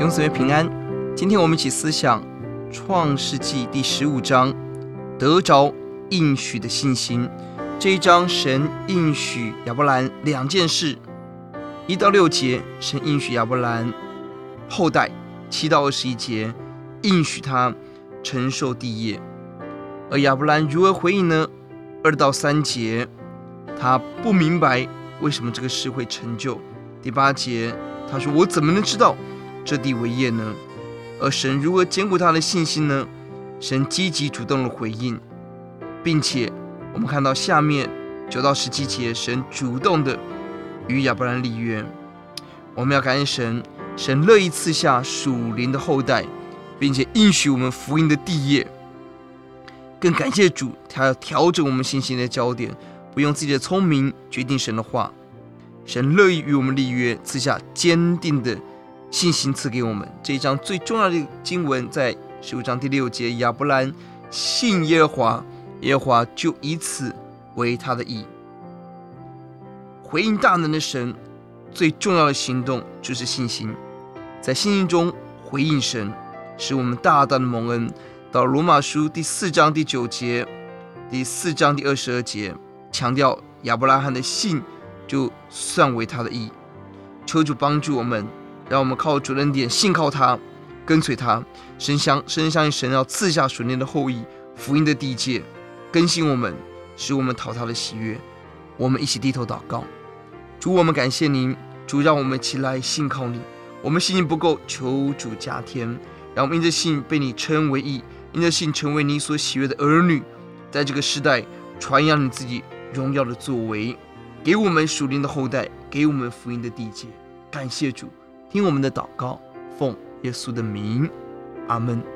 永子悅平安，今天我們一起思想創世紀第十五章得着應許的信心。這一章神應許亞伯蘭兩件事：一到六節，神應許亞伯蘭後代；七到二十一節，應許他承受地業。而亞伯蘭如何回應呢？二到三節，他不明白為什麼這個事會成就。第八節，他說：“我怎麼能知道？”這地為業呢？而神如何堅固他的信心呢？神積極主動的回應，並且我們看到下面九到十七節，神主動的與亞伯蘭立約。我們要感謝神，神樂意賜下屬靈的後代，並且應許我們福音的地業。更感謝主，他要調整我們信心的焦點，不用自己的聰明決定神的話。神樂意與我們立約，賜下堅定的。信心賜給我們。這一章最重要的經文在十五章第六節，亞伯蘭信耶和華，耶和華就以此為他的義。回應大能的神，最重要的行動就是信心，在信心中回應神，使我們大大的蒙恩。到羅馬書第四章第九節，第四章第二十二節強調亞伯拉罕的信就算為他的義，求主幫助我們。讓我們靠主的恩典，信靠他，跟隨他，深相深相信神，要賜下屬靈的後裔，福音的地界，更新我們，使我們討他的喜悅。我們一起低頭禱告，主，我們感謝您，主，讓我們起來信靠你。我們信心不夠，求主加添。讓我們因着信被你稱為義，因着信成為你所喜悅的兒女，在這個時代傳揚你自己榮耀的作為，給我們屬靈的後代，給我們福音的地界。感謝主。聽我們的禱告，奉耶穌的名，阿門。